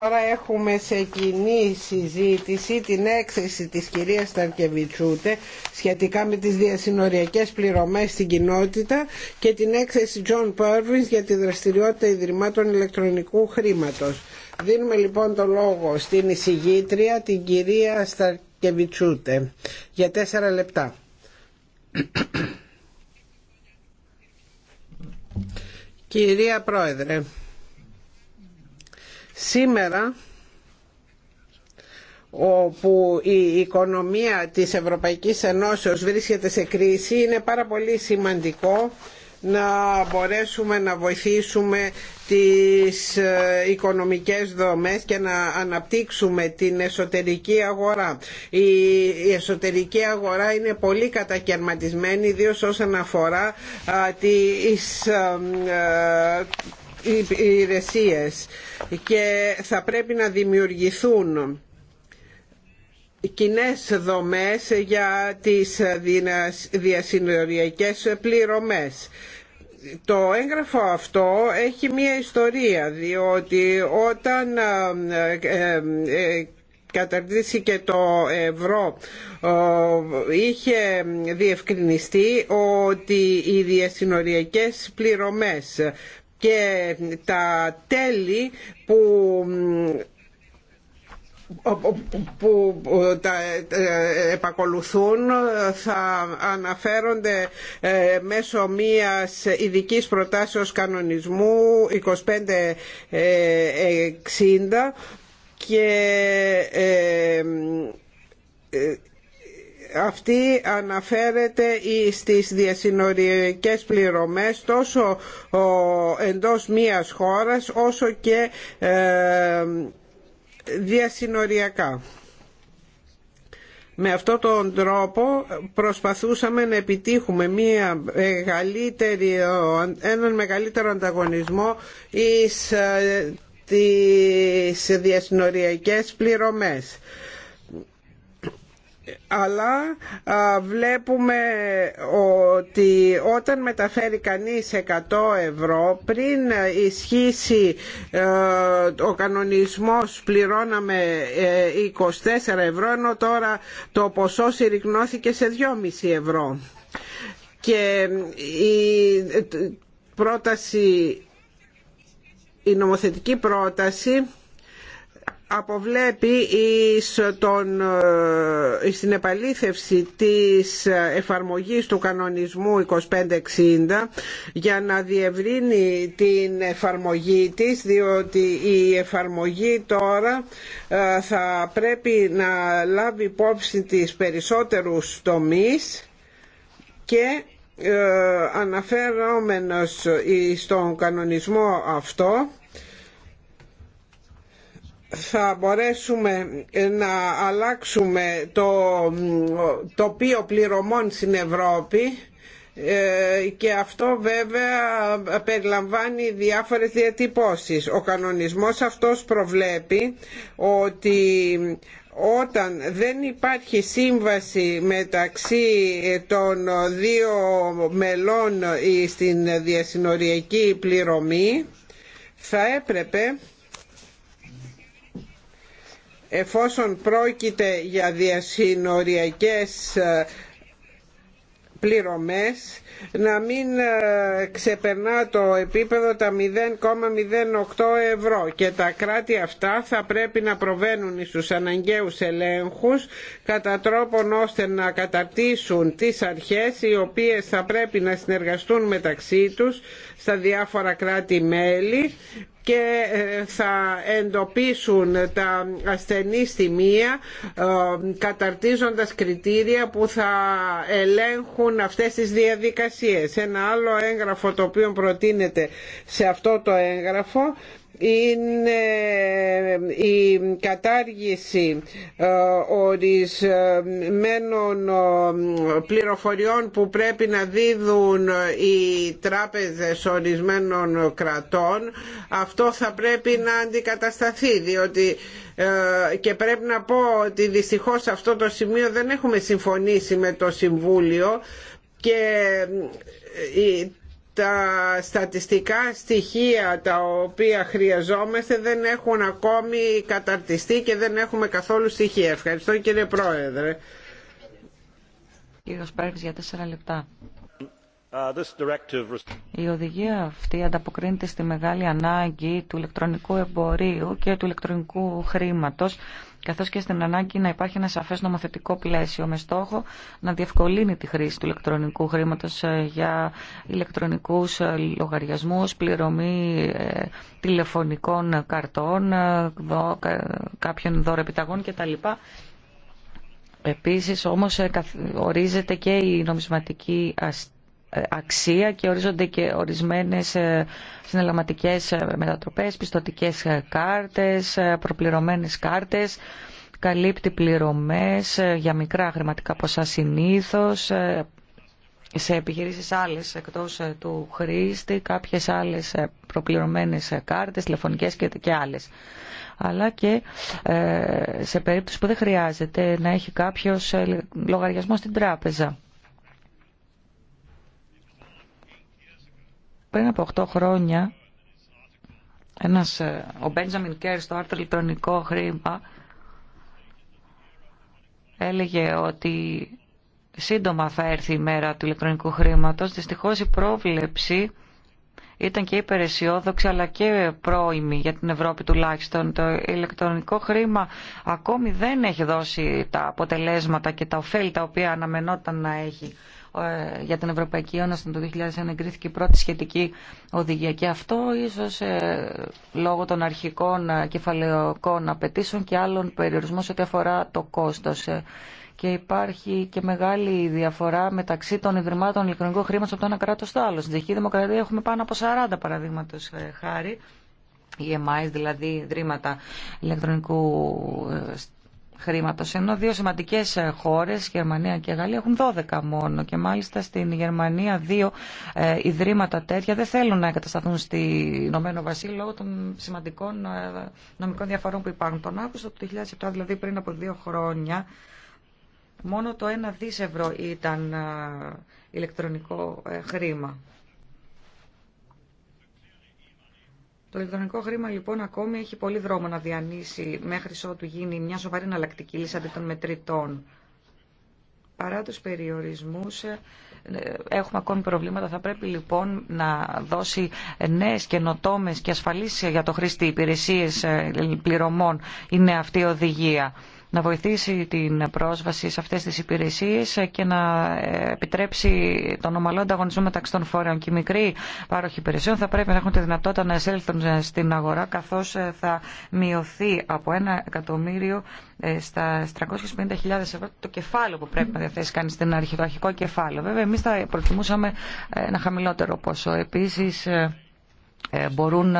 Τώρα έχουμε σε κοινή συζήτηση την έκθεση της κυρίας Σταρκεβιτσούτε σχετικά με τις διασυνοριακές πληρωμές στην κοινότητα και την έκθεση John Purvis για τη δραστηριότητα Ιδρυμάτων Ηλεκτρονικού Χρήματος. Δίνουμε λοιπόν το λόγο στην εισηγήτρια την κυρία Σταρκεβιτσούτε για τέσσερα λεπτά. Κυρία Πρόεδρε. Σήμερα όπου η οικονομία της Ευρωπαϊκής Ενώσεως βρίσκεται σε κρίση είναι πάρα πολύ σημαντικό να μπορέσουμε να βοηθήσουμε τις ε, οικονομικές δομές και να αναπτύξουμε την εσωτερική αγορά. Η εσωτερική αγορά είναι πολύ κατακαιρματισμένη, ιδίως όσον αφορά τις ε, ε, υπηρεσίες και θα πρέπει να δημιουργηθούν κοινέ δομές για τις διασυνοριακές πληρωμές. Το έγγραφο αυτό έχει μία ιστορία, διότι όταν ε, ε, ε, καταρτήσει και το ευρώ είχε διευκρινιστεί ότι οι διασυνοριακές πληρωμές και τα τέλη που που τα ε, επακολουθούν θα αναφέρονται ε, μέσω μίας ειδικής προτάσεως κανονισμού 2560 ε, και αυτή αναφέρεται στις διασυνοριακές πληρωμές τόσο εντός μίας χώρας όσο και ε, διασυνοριακά. Με αυτόν τον τρόπο προσπαθούσαμε να επιτύχουμε μια μεγαλύτερη, έναν μεγαλύτερο ανταγωνισμό εις ε, τις διασυνοριακές πληρωμές αλλά βλέπουμε ότι όταν μεταφέρει κανείς 100 ευρώ πριν ισχύσει ο κανονισμός πληρώναμε 24 ε, ευρώ ενώ τώρα το ποσό συρρυκνώθηκε σε 2,5 ευρώ και η πρόταση η νομοθετική πρόταση αποβλέπει ε, στην επαλήθευση της εφαρμογής του κανονισμού 2560 για να διευρύνει την εφαρμογή της διότι η εφαρμογή τώρα ε, θα πρέπει να λάβει υπόψη τις περισσότερους τομείς και ε, αναφέρομενος στον κανονισμό αυτό θα μπορέσουμε να αλλάξουμε το τοπίο πληρωμών στην Ευρώπη ε, και αυτό βέβαια περιλαμβάνει διάφορες διατυπώσεις. Ο κανονισμός αυτός προβλέπει ότι όταν δεν υπάρχει σύμβαση μεταξύ ε, των δύο μελών ε, στην διασυνοριακή πληρωμή θα έπρεπε εφόσον πρόκειται για διασυνοριακές ε, πληρωμές να μην ε, ξεπερνά το επίπεδο τα 0,08 ευρώ και τα κράτη αυτά θα πρέπει να προβαίνουν στους αναγκαίους ελέγχους κατά τρόπον ώστε να καταρτήσουν τις αρχές οι οποίες θα πρέπει να συνεργαστούν μεταξύ τους στα διάφορα κράτη-μέλη και ε, θα εντοπίσουν τα ασθενή στιμία ε, καταρτίζοντας κριτήρια που θα ελέγχουν αυτές τις διαδικασίες. Ένα άλλο έγγραφο το οποίο προτείνεται σε αυτό το έγγραφο είναι ε, η κατάργηση ε, ορισμένων ε, πληροφοριών που πρέπει να δίδουν οι τράπεζες ορισμένων κρατών αυτό θα πρέπει να αντικατασταθεί διότι και πρέπει να πω ότι δυστυχώς σε αυτό το σημείο δεν έχουμε συμφωνήσει με το Συμβούλιο και τα στατιστικά στοιχεία τα οποία χρειαζόμαστε δεν έχουν ακόμη καταρτιστεί και δεν έχουμε καθόλου στοιχεία. Ευχαριστώ κύριε Πρόεδρε. Κύριος για τέσσερα λεπτά. Uh, Η οδηγία αυτή ανταποκρίνεται στη μεγάλη ανάγκη του ηλεκτρονικού εμπορίου και του ηλεκτρονικού χρήματος καθώς και στην ανάγκη να υπάρχει ένα σαφέ νομοθετικό πλαίσιο με στόχο να διευκολύνει τη χρήση του ηλεκτρονικού χρήματος ε, για ηλεκτρονικούς ε, λογαριασμούς, πληρωμή ε, τηλεφωνικών καρτών, κάποιων δώρο επιταγών κτλ. Επίσης όμως ορίζεται και η νομισματική αστυνομία ε, αξία και ορίζονται και ορισμένες ε, συναλλαγματικές ε, μετατροπές, πιστοτικές κάρτες, προπληρωμένες κάρτες, καλύπτει πληρωμές για μικρά χρηματικά ποσά συνήθως, σε επιχειρήσεις άλλες εκτός του χρήστη, κάποιες άλλες προπληρωμένες κάρτες, τηλεφωνικές και άλλες. Αλλά και σε περίπτωση που δεν χρειάζεται να έχει κάποιος λογαριασμό στην τράπεζα. Πριν από 8 χρόνια, ένας, ε, ο Μπέντζαμιν Κέρ στο άρθρο ηλεκτρονικό χρήμα έλεγε ότι σύντομα θα έρθει η μέρα του ηλεκτρονικού χρήματος. Δυστυχώς η πρόβλεψη ήταν και υπεραισιόδοξη αλλά και πρόημη για την Ευρώπη τουλάχιστον. Το ηλεκτρονικό χρήμα ακόμη δεν έχει δώσει τα αποτελέσματα και τα ωφέλη τα οποία αναμενόταν να έχει ε, για την Ευρωπαϊκή Ένωση το 2001 εγκρίθηκε η πρώτη σχετική οδηγία και αυτό ίσως ε, λόγω των αρχικών ε, κεφαλαιοκών απαιτήσεων και άλλων περιορισμών σε ό,τι αφορά το κόστος και υπάρχει και μεγάλη διαφορά μεταξύ των ιδρυμάτων ηλεκτρονικού χρήματο από το ένα κράτο στο άλλο. Στην Τσεχική Δημοκρατία έχουμε πάνω από 40 παραδείγματο χάρη. EMI, δηλαδή ιδρύματα ηλεκτρονικού χρήματος, ενώ δύο σημαντικές ε, χώρες, Γερμανία και Γαλλία, έχουν 12 μόνο και μάλιστα στην Γερμανία δύο ε, ιδρύματα τέτοια δεν θέλουν να εγκατασταθούν στη Ηνωμένο Βασίλειο λόγω των σημαντικών ε, νομικών διαφορών που υπάρχουν. Τον Αύγουστο του 2007, δηλαδή πριν από δύο χρόνια, μόνο το ένα δις ευρώ ήταν ηλεκτρονικό χρήμα. Το ηλεκτρονικό χρήμα λοιπόν ακόμη έχει πολύ δρόμο να διανύσει μέχρι ότου γίνει μια σοβαρή εναλλακτική λύση αντί των μετρητών. Παρά τους περιορισμούς ε, έχουμε ακόμη προβλήματα. Θα πρέπει λοιπόν να δώσει νέες καινοτόμες και ασφαλίσει για το χρήστη υπηρεσίες ε, πληρωμών είναι αυτή η οδηγία να βοηθήσει την πρόσβαση σε αυτές τις υπηρεσίες και να επιτρέψει τον ομαλό ανταγωνισμό μεταξύ των φόρων. Και οι μικροί πάροχοι υπηρεσιών θα πρέπει να έχουν τη δυνατότητα να εισέλθουν στην αγορά καθώς θα μειωθεί από ένα εκατομμύριο ε, στα 350.000 ευρώ το κεφάλαιο που πρέπει να διαθέσει κανείς στην αρχή, το αρχικό κεφάλαιο. Βέβαια εμείς θα προτιμούσαμε ε, ένα χαμηλότερο ποσό. Επίσης ε, μπορούν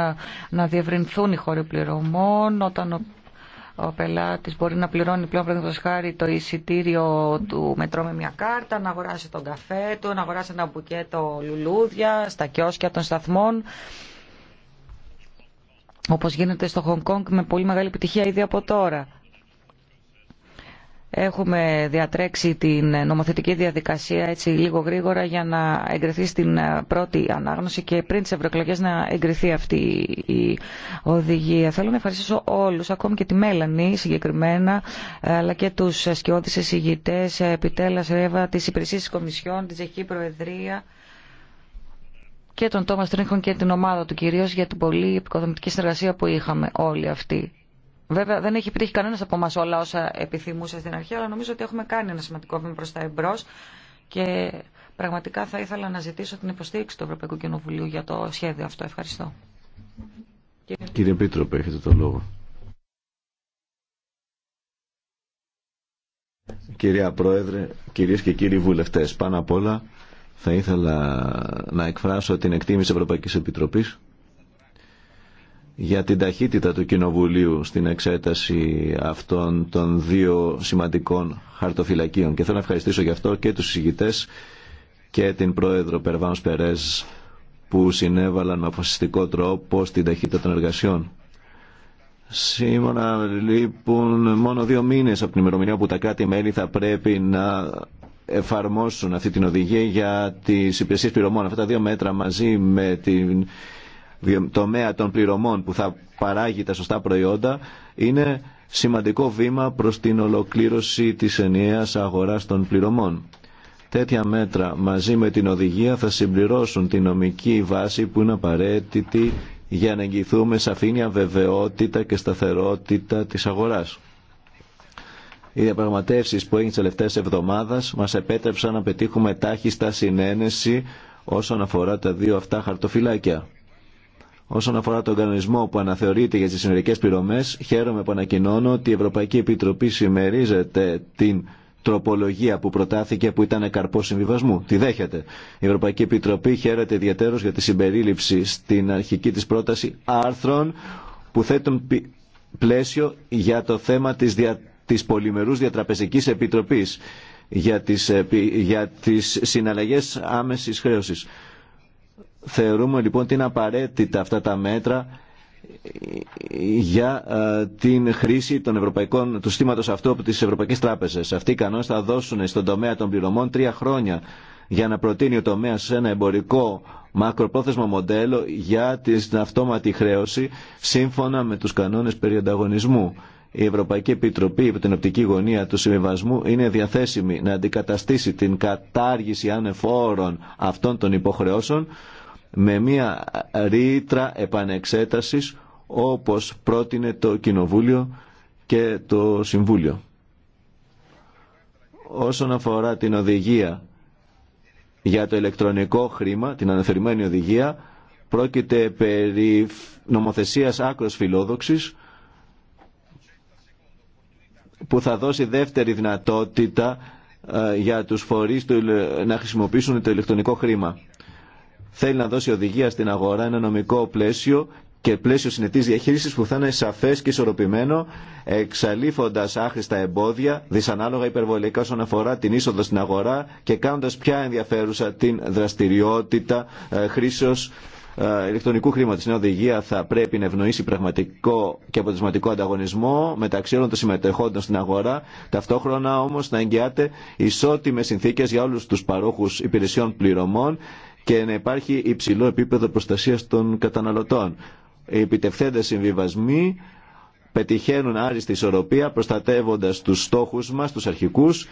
να διευρυνθούν οι χώροι πληρωμών ο πελάτης μπορεί να πληρώνει πλέον πρέπει χάρη το εισιτήριο του μετρό με μια κάρτα, να αγοράσει τον καφέ του, να αγοράσει ένα μπουκέτο λουλούδια στα κιόσκια των σταθμών όπως γίνεται στο Χονγκ Κόνγκ με πολύ μεγάλη επιτυχία ήδη από τώρα. Έχουμε διατρέξει την νομοθετική διαδικασία έτσι λίγο γρήγορα για να εγκριθεί στην πρώτη ανάγνωση και πριν τις ευρωεκλογέ να εγκριθεί αυτή η οδηγία. Θέλω να ευχαριστήσω όλους, ακόμη και τη Μέλανη συγκεκριμένα, αλλά και τους σκιώδεις εισηγητές, επιτέλας ρεύα, τις υπηρεσίες της Κομισιόν, την Τσεχική Προεδρία και τον Τόμα Τρίνχον και την ομάδα του κυρίως για την πολύ επικοδομητική συνεργασία που είχαμε όλοι αυτοί. Βέβαια δεν έχει επιτύχει κανένα από εμά όλα όσα επιθυμούσε στην αρχή, αλλά νομίζω ότι έχουμε κάνει ένα σημαντικό βήμα προς τα εμπρός και πραγματικά θα ήθελα να ζητήσω την υποστήριξη του Ευρωπαϊκού Κοινοβουλίου για το σχέδιο αυτό. Ευχαριστώ. Κύριε Πίτροπε, έχετε το λόγο. Κυρία Πρόεδρε, κυρίες και κύριοι βουλευτές, πάνω απ' όλα θα ήθελα να εκφράσω την εκτίμηση Ευρωπαϊκής Επιτροπής για την ταχύτητα του Κοινοβουλίου στην εξέταση αυτών των δύο σημαντικών χαρτοφυλακίων. Και θέλω να ευχαριστήσω γι' αυτό και τους συζητητές και την Πρόεδρο Περβάνος Περές που συνέβαλαν με αποφασιστικό τρόπο στην ταχύτητα των εργασιών. Σήμερα λείπουν μόνο δύο μήνες από την ημερομηνία που τα κράτη-μέλη θα πρέπει να εφαρμόσουν αυτή την οδηγία για τις υπηρεσίες πληρωμών. Αυτά τα δύο μέτρα μαζί με την τομέα των πληρωμών που θα παράγει τα σωστά προϊόντα είναι σημαντικό βήμα προς την ολοκλήρωση της ενιαίας αγοράς των πληρωμών. Τέτοια μέτρα μαζί με την οδηγία θα συμπληρώσουν την νομική βάση που είναι απαραίτητη για να εγγυηθούμε σαφήνια βεβαιότητα και σταθερότητα της αγοράς. Οι διαπραγματεύσεις που έγιναν τις τελευταίες εβδομάδες μας επέτρεψαν να πετύχουμε τάχιστα συνένεση όσον αφορά τα δύο αυτά χαρτοφυλάκια. Όσον αφορά τον κανονισμό που αναθεωρείται για τις συνολικέ πληρωμές, χαίρομαι που ανακοινώνω ότι η Ευρωπαϊκή Επιτροπή συμμερίζεται την τροπολογία που προτάθηκε που ήταν καρπό συμβιβασμού. Τη δέχεται. Η Ευρωπαϊκή Επιτροπή χαίρεται ιδιαίτερως για τη συμπερίληψη στην αρχική της πρόταση άρθρων που θέτουν πλαίσιο για το θέμα της, δια... της πολυμερούς διατραπεζικής επιτροπής για τις, για τις συναλλαγές άμεσης χρέωσης. Θεωρούμε λοιπόν ότι είναι απαραίτητα αυτά τα μέτρα για ε, την χρήση των ευρωπαϊκών, του στήματος αυτού από τις Ευρωπαϊκές Τράπεζες. Αυτοί οι κανόνες θα δώσουν στον τομέα των πληρωμών τρία χρόνια για να προτείνει ο τομέας σε ένα εμπορικό μακροπρόθεσμο μοντέλο για την αυτόματη χρέωση σύμφωνα με τους κανόνες περί ανταγωνισμού. Η Ευρωπαϊκή Επιτροπή υπό την οπτική γωνία του συμβιβασμού είναι διαθέσιμη να αντικαταστήσει την κατάργηση ανεφόρων αυτών των υποχρεώσεων με μια ρήτρα επανεξέτασης όπως πρότεινε το Κοινοβούλιο και το Συμβούλιο. Όσον αφορά την οδηγία για το ηλεκτρονικό χρήμα, την αναφερμένη οδηγία, πρόκειται περί νομοθεσίας άκρος φιλόδοξης που θα δώσει δεύτερη δυνατότητα ε, για τους φορείς να χρησιμοποιήσουν το ηλεκτρονικό χρήμα. Θέλει να δώσει οδηγία στην αγορά ένα νομικό πλαίσιο και πλαίσιο συνετής διαχείρισης που θα είναι σαφές και ισορροπημένο, εξαλείφοντας άχρηστα εμπόδια, δυσανάλογα υπερβολικά όσον αφορά την είσοδο στην αγορά και κάνοντας πια ενδιαφέρουσα την δραστηριότητα ε, χρήσεως ε, ηλεκτρονικού χρήματο. Η οδηγία θα πρέπει να ευνοήσει πραγματικό και αποτελεσματικό ανταγωνισμό μεταξύ όλων των συμμετεχόντων στην αγορά, ταυτόχρονα όμω να εγγυάται ισότιμε συνθήκε για όλου του παρόχου υπηρεσιών πληρωμών και να υπάρχει υψηλό επίπεδο προστασίας των καταναλωτών. Οι επιτευθέντες συμβιβασμοί πετυχαίνουν άριστη ισορροπία προστατεύοντας τους στόχους μας, τους αρχικούς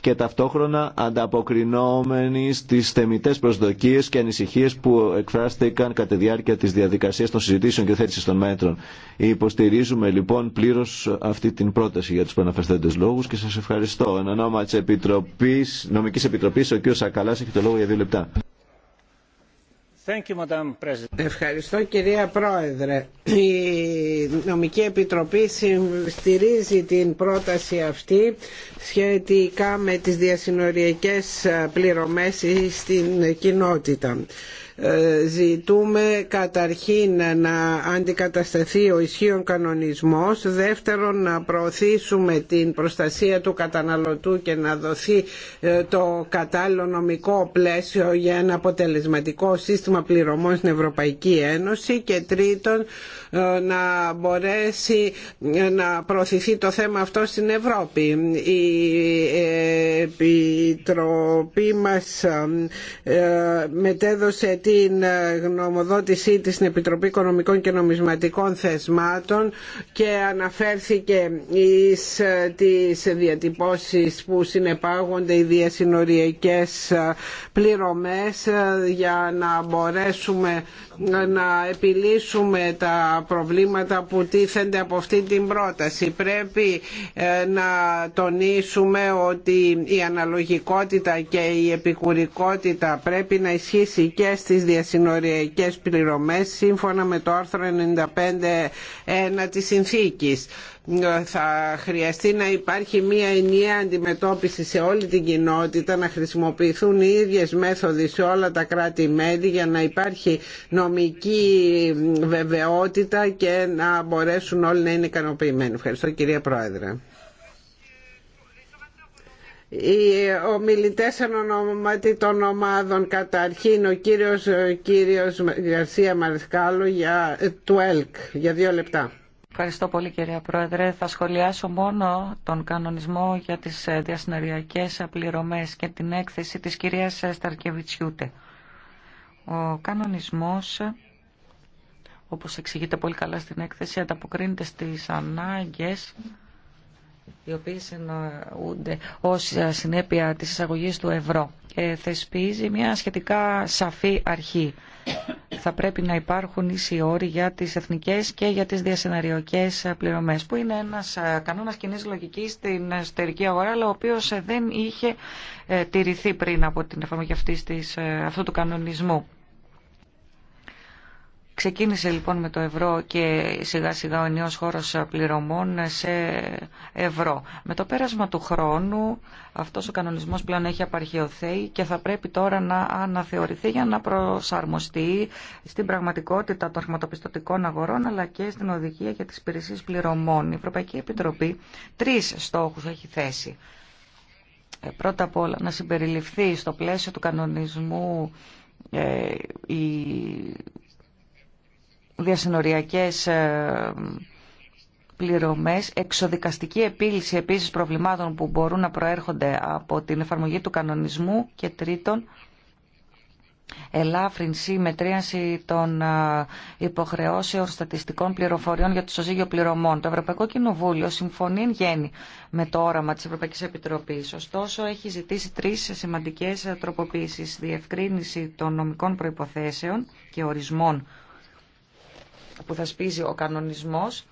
και ταυτόχρονα ανταποκρινόμενοι στις θεμητές προσδοκίες και ανησυχίες που εκφράστηκαν κατά τη διάρκεια της διαδικασίας των συζητήσεων και θέτησης των μέτρων. Υποστηρίζουμε λοιπόν πλήρως αυτή την πρόταση για τους προναφερθέντε λόγους και σας ευχαριστώ. Εν ονόμα της Επιτροπής, Νομικής ο κ. Σακαλάς έχει το λόγο για δύο λεπτά. Ευχαριστώ κυρία Πρόεδρε. Η Νομική Επιτροπή στηρίζει την πρόταση αυτή σχετικά με τις διασυνοριακές πληρωμές στην κοινότητα. Ε, ζητούμε καταρχήν να αντικατασταθεί ο ισχύων κανονισμός, δεύτερον να προωθήσουμε την προστασία του καταναλωτού και να δοθεί ε, το κατάλληλο νομικό πλαίσιο για ένα αποτελεσματικό σύστημα πληρωμών στην Ευρωπαϊκή Ένωση και τρίτον ε, να μπορέσει να προωθηθεί το θέμα αυτό στην Ευρώπη. Η Επιτροπή μας μετέδωσε την ε, γνωμοδότησή της στην Επιτροπή Οικονομικών και Νομισματικών Θεσμάτων και αναφέρθηκε εις ε, τις διατυπώσεις που συνεπάγονται οι διασυνοριακές ε, πληρωμές για να μπορέσουμε να επιλύσουμε τα προβλήματα που τίθενται από αυτή την πρόταση. Πρέπει ε, να τονίσουμε ότι η αναλογικότητα και η επικουρικότητα πρέπει να ισχύσει και στις διασυνοριακές πληρωμές σύμφωνα με το άρθρο 95.1 της συνθήκης θα χρειαστεί να υπάρχει μια ενιαία αντιμετώπιση σε όλη την κοινότητα, να χρησιμοποιηθούν οι ίδιες μέθοδοι σε όλα τα κράτη-μέλη για να υπάρχει νομική βεβαιότητα και να μπορέσουν όλοι να είναι ικανοποιημένοι. Ευχαριστώ κυρία Πρόεδρε. Οι ομιλητές εν ονόματι των ομάδων καταρχήν ο κύριος, κύριος Γαρσία μαρισκάλου για, του ΕΛΚ για δύο λεπτά. Ευχαριστώ πολύ κυρία Πρόεδρε. Θα σχολιάσω μόνο τον κανονισμό για τις ε, διασυναριακές απληρωμές και την έκθεση της κυρίας ε, Σταρκεβιτσιούτε. Ο κανονισμός, όπως εξηγείται πολύ καλά στην έκθεση, ανταποκρίνεται στις ανάγκες οι οποίες εννοούνται ω ε, συνέπεια της εισαγωγής του ευρώ και θεσπίζει μια σχετικά σαφή αρχή θα πρέπει να υπάρχουν ίσοι όροι για τις εθνικές και για τις διασυναριακές πληρωμές που είναι ένας ε, κανόνας κοινή λογικής στην εσωτερική αγορά αλλά ο οποίος ε, δεν είχε ε, τηρηθεί πριν από την εφαρμογή αυτού του κανονισμού. Ξεκίνησε λοιπόν με το ευρώ και σιγά σιγά ο νέος χώρος πληρωμών σε ευρώ. Με το πέρασμα του χρόνου αυτός ο κανονισμός πλέον έχει απαρχαιωθεί και θα πρέπει τώρα να αναθεωρηθεί για να προσαρμοστεί στην πραγματικότητα των χρηματοπιστωτικών αγορών αλλά και στην οδηγία για τις υπηρεσίες πληρωμών. Η Ευρωπαϊκή Επιτροπή τρεις στόχους έχει θέσει. Ε, πρώτα απ' όλα να συμπεριληφθεί στο πλαίσιο του κανονισμού ε, η διασυνοριακές ε, πληρωμές, εξοδικαστική επίλυση επίσης προβλημάτων που μπορούν να προέρχονται από την εφαρμογή του κανονισμού και τρίτον, ελάφρυνση, μετρίαση των ε, υποχρεώσεων στατιστικών πληροφοριών για το σωσίγιο πληρωμών. Το Ευρωπαϊκό Κοινοβούλιο συμφωνεί εν γέννη με το όραμα της Ευρωπαϊκής Επιτροπής. Ωστόσο, έχει ζητήσει τρεις σημαντικές τροποποίησεις. Διευκρίνηση των νομικών προϋποθέσεων και ορισμών που θα σπίζει ο κανονισμός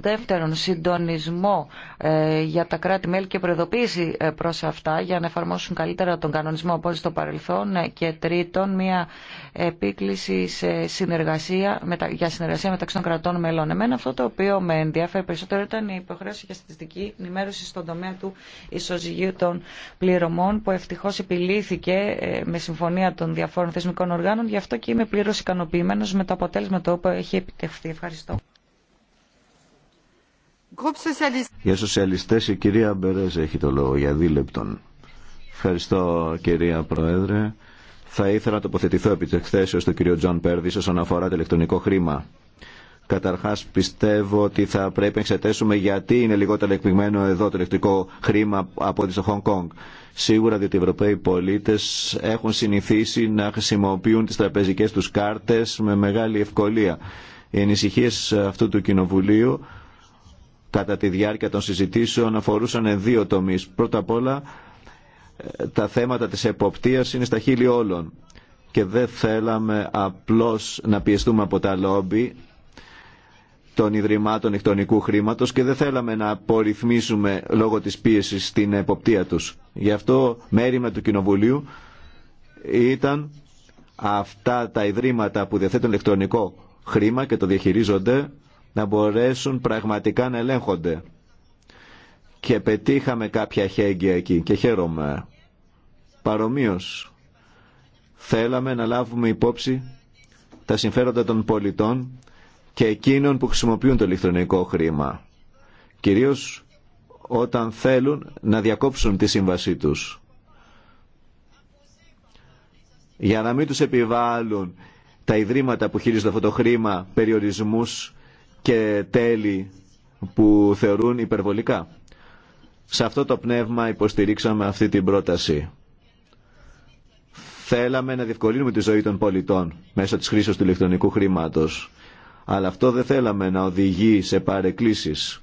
Δεύτερον, συντονισμό ε, για τα κράτη-μέλη και προειδοποίηση ε, προς αυτά για να εφαρμόσουν καλύτερα τον κανονισμό από ό,τι στο παρελθόν. Ε, και τρίτον, μια επίκληση σε συνεργασία, για συνεργασία μεταξύ των κρατών μελών. Εμένα αυτό το οποίο με ενδιαφέρει περισσότερο ήταν η υποχρέωση για στατιστική ενημέρωση στον τομέα του ισοζυγίου των πληρωμών που ευτυχώς επιλήθηκε με συμφωνία των διαφόρων θεσμικών οργάνων. Γι' αυτό και είμαι πλήρως ικανοποιημένος με το αποτέλεσμα το οποίο έχει επιτευχθεί. Ευχαριστώ. Για σοσιαλιστές η κυρία Μπερέζ έχει το λόγο για δίλεπτον. Ευχαριστώ κυρία Πρόεδρε. Θα ήθελα να τοποθετηθώ επί της εκθέσεως του κυρίου Τζον Πέρδης όσον αφορά το ηλεκτρονικό χρήμα. Καταρχάς πιστεύω ότι θα πρέπει να εξετάσουμε γιατί είναι λιγότερο εκπληγμένο εδώ το ηλεκτρικό χρήμα από ότι στο Χονγκ Κονγκ. Σίγουρα διότι οι Ευρωπαίοι πολίτες έχουν συνηθίσει να χρησιμοποιούν τις τραπεζικές τους κάρτες με μεγάλη ευκολία. Οι ανησυχίε αυτού του Κοινοβουλίου κατά τη διάρκεια των συζητήσεων αφορούσαν δύο τομείς. Πρώτα απ' όλα τα θέματα της εποπτείας είναι στα χείλη όλων και δεν θέλαμε απλώς να πιεστούμε από τα λόμπι των Ιδρυμάτων Εκτονικού Χρήματος και δεν θέλαμε να απορριθμίσουμε λόγω της πίεσης την εποπτεία τους. Γι' αυτό μέρημα του Κοινοβουλίου ήταν αυτά τα Ιδρύματα που διαθέτουν ηλεκτρονικό χρήμα και το διαχειρίζονται να μπορέσουν πραγματικά να ελέγχονται. Και πετύχαμε κάποια χέγγια εκεί και χαίρομαι. Παρομοίως, θέλαμε να λάβουμε υπόψη τα συμφέροντα των πολιτών και εκείνων που χρησιμοποιούν το ηλεκτρονικό χρήμα. Κυρίως όταν θέλουν να διακόψουν τη σύμβασή τους. Για να μην τους επιβάλλουν τα ιδρύματα που χειρίζονται αυτό το χρήμα περιορισμούς και τέλη που θεωρούν υπερβολικά. Σε αυτό το πνεύμα υποστηρίξαμε αυτή την πρόταση. Θέλαμε να διευκολύνουμε τη ζωή των πολιτών μέσω της χρήσης του ηλεκτρονικού χρήματος. Αλλά αυτό δεν θέλαμε να οδηγεί σε παρεκκλήσεις,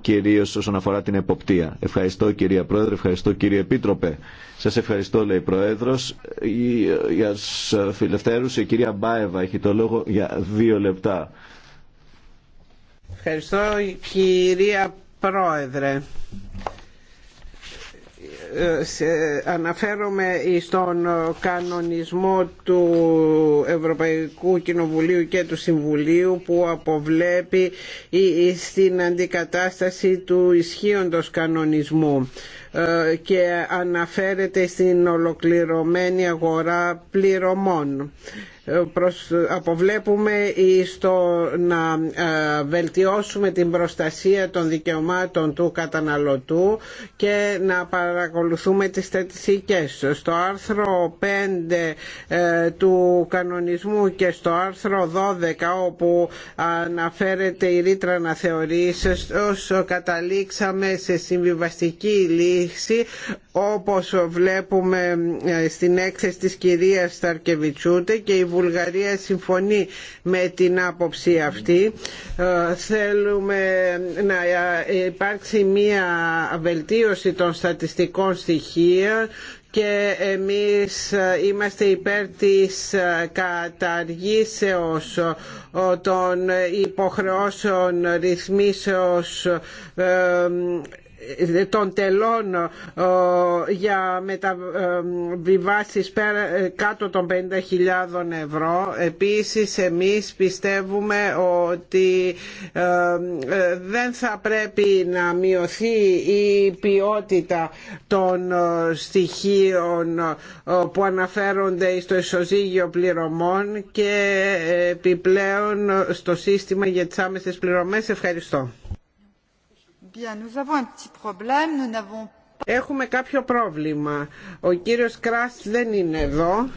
κυρίως όσον αφορά την εποπτεία. Ευχαριστώ κυρία Πρόεδρε, ευχαριστώ κύριε Επίτροπε. Σας ευχαριστώ λέει Πρόεδρος. Για φιλευθέρους η κυρία Μπάεβα έχει το λόγο για δύο λεπτά. Ευχαριστώ κυρία Πρόεδρε. Ε, αναφέρομαι στον κανονισμό του Ευρωπαϊκού Κοινοβουλίου και του Συμβουλίου που αποβλέπει στην αντικατάσταση του ισχύοντος κανονισμού ε, και αναφέρεται στην ολοκληρωμένη αγορά πληρωμών. Ε, αποβλέπουμε στο να ε, βελτιώσουμε την προστασία των δικαιωμάτων του καταναλωτού και να παρακολουθούμε τις στατιστικές. Στο άρθρο 5 του κανονισμού και στο άρθρο 12 όπου αναφέρεται η ρήτρα να θεωρήσεις καταλήξαμε σε συμβιβαστική λύση όπως βλέπουμε ε, στην έκθεση της κυρίας Σταρκεβιτσούτε και η Βουλγαρία συμφωνεί με την άποψη αυτή. Ε, θέλουμε να ε, υπάρξει μία βελτίωση των στατιστικών στοιχείων και εμείς είμαστε υπέρ της καταργήσεως των υποχρεώσεων ρυθμίσεως των τελών ε, για μεταβιβάσεις ε, κάτω των 50.000 ευρώ. Επίσης εμείς πιστεύουμε ότι ε, δεν θα πρέπει να μειωθεί η ποιότητα των στοιχείων που αναφέρονται στο ισοζύγιο πληρωμών και επιπλέον στο σύστημα για τις άμεσες πληρωμές. Ευχαριστώ. Έχουμε κάποιο πρόβλημα. Ο κύριος Κράς δεν είναι εδώ,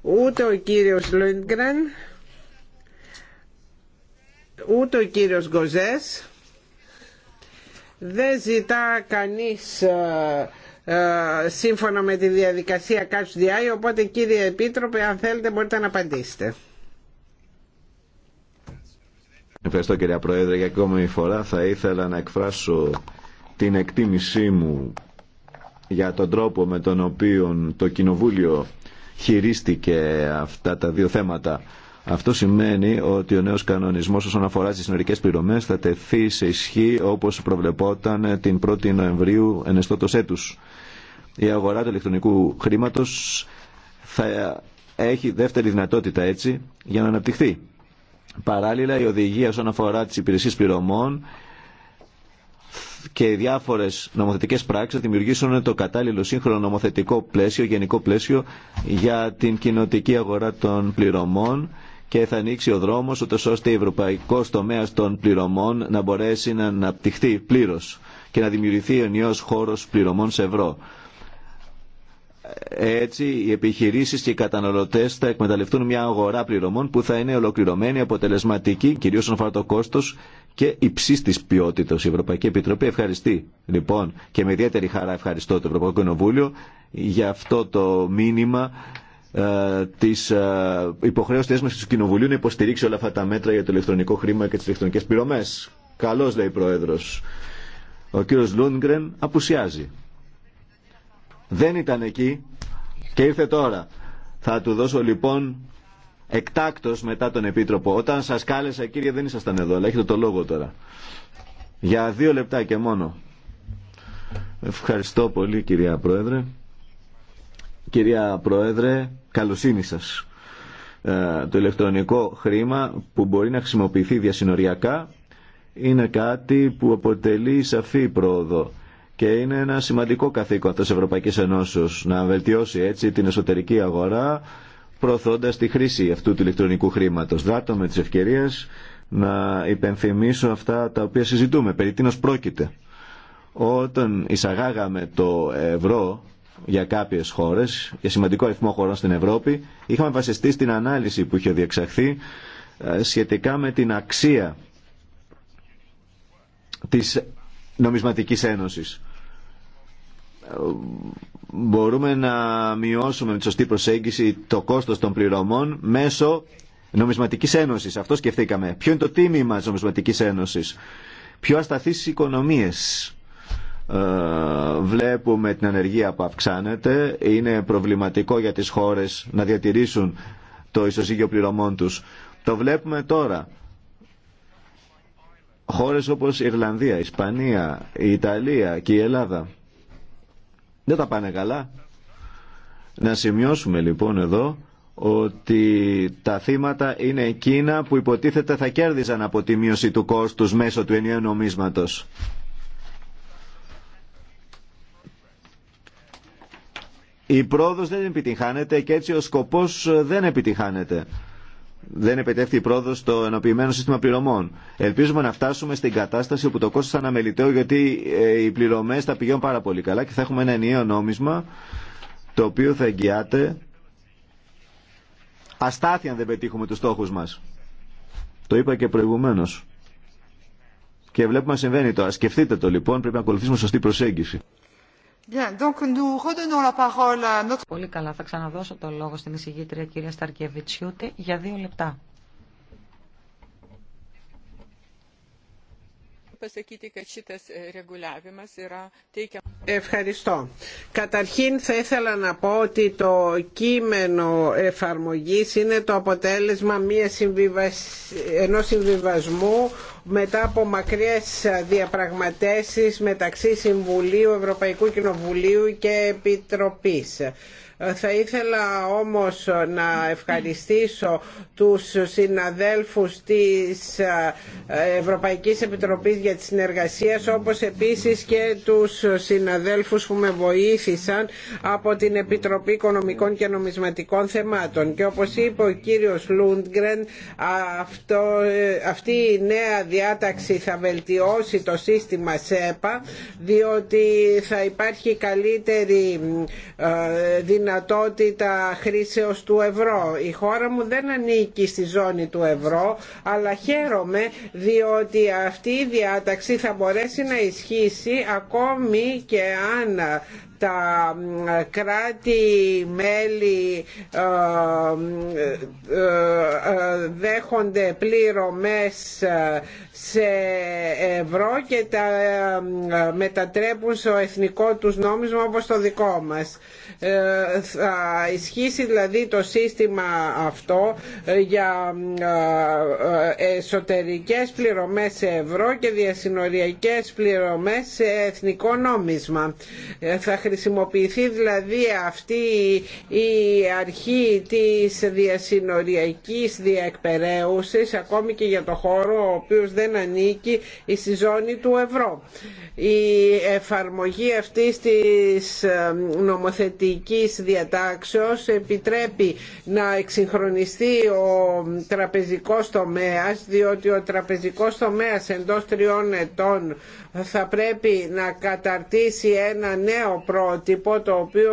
ούτε ο κύριος Λούινγκρεν, ούτε ο κύριος Γκοζές. Δεν ζητά κανείς ε, ε, σύμφωνα με τη διαδικασία Catch οπότε κύριε Επίτροπε αν θέλετε μπορείτε να απαντήσετε. Ευχαριστώ κυρία Πρόεδρε. Για ακόμη φορά θα ήθελα να εκφράσω την εκτίμησή μου για τον τρόπο με τον οποίο το Κοινοβούλιο χειρίστηκε αυτά τα δύο θέματα. Αυτό σημαίνει ότι ο νέος κανονισμός όσον αφορά τις συνορικές πληρωμές θα τεθεί σε ισχύ όπως προβλεπόταν την 1η Νοεμβρίου ενεστώτος έτους. Η αγορά του ηλεκτρονικού χρήματος θα έχει δεύτερη δυνατότητα έτσι για να αναπτυχθεί. Παράλληλα, η οδηγία όσον αφορά τι υπηρεσίε πληρωμών και οι διάφορες νομοθετικές πράξεις δημιουργήσουν το κατάλληλο σύγχρονο νομοθετικό πλαίσιο, γενικό πλαίσιο για την κοινοτική αγορά των πληρωμών και θα ανοίξει ο δρόμος ούτω ώστε η ευρωπαϊκό τομέα των πληρωμών να μπορέσει να αναπτυχθεί πλήρω και να δημιουργηθεί νέο χώρο πληρωμών σε ευρώ. Έτσι οι επιχειρήσεις και οι καταναλωτές θα εκμεταλλευτούν μια αγορά πληρωμών που θα είναι ολοκληρωμένη, αποτελεσματική, κυρίως όσον αφορά το κόστος και υψής της ποιότητας. Η Ευρωπαϊκή Επιτροπή ευχαριστεί λοιπόν και με ιδιαίτερη χαρά ευχαριστώ το Ευρωπαϊκό Κοινοβούλιο για αυτό το μήνυμα ε, τη ε, υποχρέωση δέσμευση του Κοινοβουλίου να υποστηρίξει όλα αυτά τα μέτρα για το ηλεκτρονικό χρήμα και τις ηλεκτρονικέ πληρωμέ. Καλώ λέει Πρόεδρος. Πρόεδρο. Ο κύριο Λούντγκρεν απουσιάζει δεν ήταν εκεί και ήρθε τώρα. Θα του δώσω λοιπόν εκτάκτος μετά τον Επίτροπο. Όταν σας κάλεσα κύριε δεν ήσασταν εδώ, αλλά έχετε το λόγο τώρα. Για δύο λεπτά και μόνο. Ευχαριστώ πολύ κυρία Πρόεδρε. Κυρία Πρόεδρε, καλοσύνη σας. Ε, το ηλεκτρονικό χρήμα που μπορεί να χρησιμοποιηθεί διασυνοριακά είναι κάτι που αποτελεί σαφή πρόοδο και είναι ένα σημαντικό καθήκον της Ευρωπαϊκής Ενώσεως να βελτιώσει έτσι την εσωτερική αγορά προωθώντας τη χρήση αυτού του ηλεκτρονικού χρήματος. Δράτω με τις ευκαιρίες να υπενθυμίσω αυτά τα οποία συζητούμε. Περί τίνος πρόκειται. Όταν εισαγάγαμε το ευρώ για κάποιες χώρες, για σημαντικό αριθμό χωρών στην Ευρώπη, είχαμε βασιστεί στην ανάλυση που είχε διεξαχθεί ε, σχετικά με την αξία της νομισματικής ένωσης. Μπορούμε να μειώσουμε με τη σωστή προσέγγιση το κόστος των πληρωμών μέσω νομισματικής ένωσης. Αυτό σκεφτήκαμε. Ποιο είναι το τίμημα της νομισματικής ένωσης. Πιο ασταθείς οικονομίες. Ε, βλέπουμε την ανεργία που αυξάνεται. Είναι προβληματικό για τις χώρες να διατηρήσουν το ισοζύγιο πληρωμών τους. Το βλέπουμε τώρα χώρες όπως η Ιρλανδία, η Ισπανία, η Ιταλία και η Ελλάδα δεν τα πάνε καλά. Να σημειώσουμε λοιπόν εδώ ότι τα θύματα είναι εκείνα που υποτίθεται θα κέρδιζαν από τη μείωση του κόστους μέσω του ενιαίου νομίσματος. Η πρόοδος δεν επιτυχάνεται και έτσι ο σκοπός δεν επιτυχάνεται δεν επετεύχθη η πρόοδο στο ενοποιημένο σύστημα πληρωμών. Ελπίζουμε να φτάσουμε στην κατάσταση όπου το κόστο θα αναμεληταίο γιατί ε, οι πληρωμέ θα πηγαίνουν πάρα πολύ καλά και θα έχουμε ένα ενιαίο νόμισμα το οποίο θα εγγυάται αστάθεια αν δεν πετύχουμε τους στόχου μας. Το είπα και προηγουμένως. Και βλέπουμε να συμβαίνει τώρα. Σκεφτείτε το λοιπόν, πρέπει να ακολουθήσουμε σωστή προσέγγιση. Πολύ καλά. Θα ξαναδώσω το λόγο στην εισηγήτρια κυρία Σταρκεβιτσιούτη για δύο λεπτά. E, Ευχαριστώ. Καταρχήν θα ήθελα να πω ότι το κείμενο εφαρμογής είναι το αποτέλεσμα μιας ενός συμβιβασμού μετά από μακριές διαπραγματεύσεις μεταξύ Συμβουλίου, Ευρωπαϊκού Κοινοβουλίου και Επιτροπής. Θα ήθελα όμως να ευχαριστήσω τους συναδέλφους της Ευρωπαϊκής Επιτροπής για τη συνεργασία όπως επίσης και τους συναδέλφους που με βοήθησαν από την Επιτροπή Οικονομικών και Νομισματικών Θεμάτων. Και όπως είπε ο κύριος Λούντγκρεν, αυτή η νέα διάταξη θα βελτιώσει το σύστημα ΣΕΠΑ διότι θα υπάρχει καλύτερη ε, δυνατότητα χρήσεως του ευρώ. Η χώρα μου δεν ανήκει στη ζώνη του ευρώ αλλά χαίρομαι διότι αυτή η διάταξη θα μπορέσει να ισχύσει ακόμη και αν τα κράτη-μέλη ε, ε, δέχονται πληρωμές σε ευρώ και τα ε, μετατρέπουν στο εθνικό τους νόμισμα όπως το δικό μας. Ε, θα ισχύσει δηλαδή το σύστημα αυτό ε, για ε, εσωτερικές πληρωμές σε ευρώ και διασυνοριακές πληρωμές σε εθνικό νόμισμα. Θα χρησιμοποιηθεί δηλαδή αυτή η αρχή της διασυνοριακής διακπεραίωσης ακόμη και για το χώρο ο οποίος δεν ανήκει στη ζώνη του ευρώ. Η εφαρμογή αυτής της νομοθετικής διατάξεως επιτρέπει να εξυγχρονιστεί ο τραπεζικός τομέας διότι ο τραπεζικός τομέας εντός τριών ετών θα πρέπει να καταρτήσει ένα νέο πρότυπο το οποίο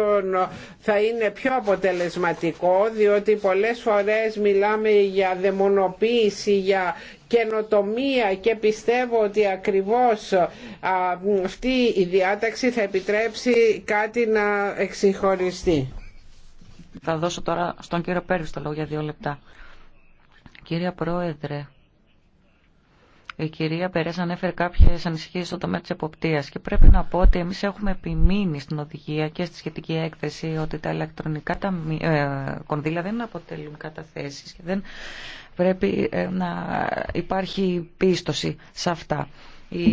θα είναι πιο αποτελεσματικό διότι πολλές φορές μιλάμε για δαιμονοποίηση, για καινοτομία και πιστεύω ότι ακριβώς αυτή η διάταξη θα επιτρέψει κάτι να εξυγχωριστεί. Θα δώσω τώρα στον κύριο Πέρβη το λόγο για δύο λεπτά. Κύριε Πρόεδρε, η κυρία Περές ανέφερε κάποιες ανησυχίες στο τομέα της εποπτείας και πρέπει να πω ότι εμείς έχουμε επιμείνει στην οδηγία και στη σχετική έκθεση ότι τα ηλεκτρονικά ε, κονδύλα δεν αποτελούν καταθέσεις και δεν Πρέπει ε, να υπάρχει πίστοση σε αυτά. Οι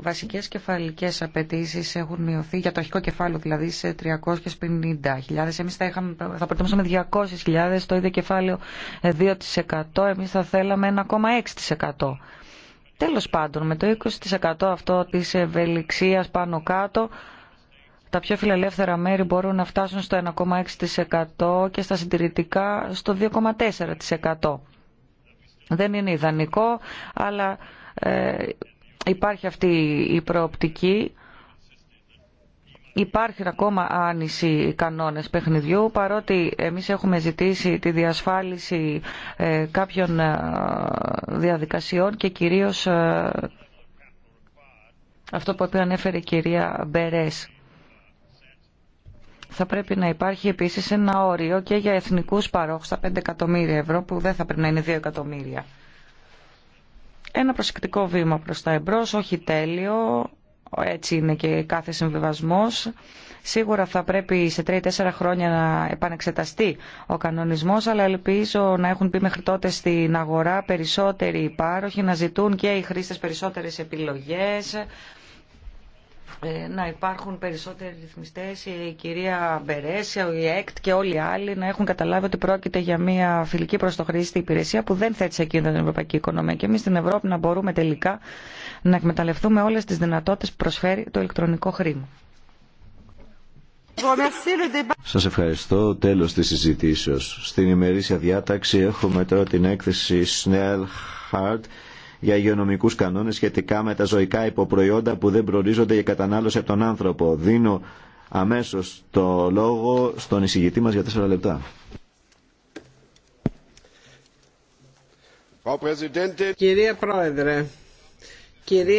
βασικές κεφαλικές απαιτήσει έχουν μειωθεί για το αρχικό κεφάλαιο, δηλαδή σε 350.000. Εμείς θα, είχαμε, θα προτιμούσαμε 200.000, το ίδιο κεφάλαιο 2%, ε, εμείς θα θέλαμε 1,6%. Τέλος πάντων, με το 20% αυτό της ευελιξίας πάνω κάτω, τα πιο φιλελεύθερα μέρη μπορούν να φτάσουν στο 1,6% και στα συντηρητικά στο 2,4%. Δεν είναι ιδανικό, αλλά ε, υπάρχει αυτή η προοπτική. Υπάρχει ακόμα άνηση κανόνες παιχνιδιού, παρότι εμείς έχουμε ζητήσει τη διασφάλιση ε, κάποιων ε, διαδικασιών και κυρίως αυτό που ανέφερε η κυρία Μπερές θα πρέπει να υπάρχει επίσης ένα όριο και για εθνικούς παρόχους στα 5 εκατομμύρια ευρώ που δεν θα πρέπει να είναι 2 εκατομμύρια. Ένα προσεκτικό βήμα προς τα εμπρός, όχι τέλειο, έτσι είναι και κάθε συμβιβασμός. Σίγουρα θα πρέπει σε 3-4 χρόνια να επανεξεταστεί ο κανονισμός, αλλά ελπίζω να έχουν πει μέχρι τότε στην αγορά περισσότεροι υπάροχοι, να ζητούν και οι χρήστες περισσότερες επιλογές, ε, να υπάρχουν περισσότεροι ρυθμιστές, η κυρία Μπερέσια, η ΕΚΤ και όλοι οι άλλοι να έχουν καταλάβει ότι πρόκειται για μια φιλική προς το χρήστη υπηρεσία που δεν θέτει σε κίνδυνο την ευρωπαϊκή οικονομία και εμείς στην Ευρώπη να μπορούμε τελικά να εκμεταλλευτούμε όλες τις δυνατότητες που προσφέρει το ηλεκτρονικό χρήμα. Σα ευχαριστώ. τέλο τη Στην ημερήσια διάταξη έχουμε τώρα την έκθεση Snell για υγειονομικού κανόνε σχετικά με τα ζωικά υποπροϊόντα που δεν προορίζονται για κατανάλωση από τον άνθρωπο. Δίνω αμέσω το λόγο στον εισηγητή μα για τέσσερα λεπτά. Κυρία Πρόεδρε, κυρία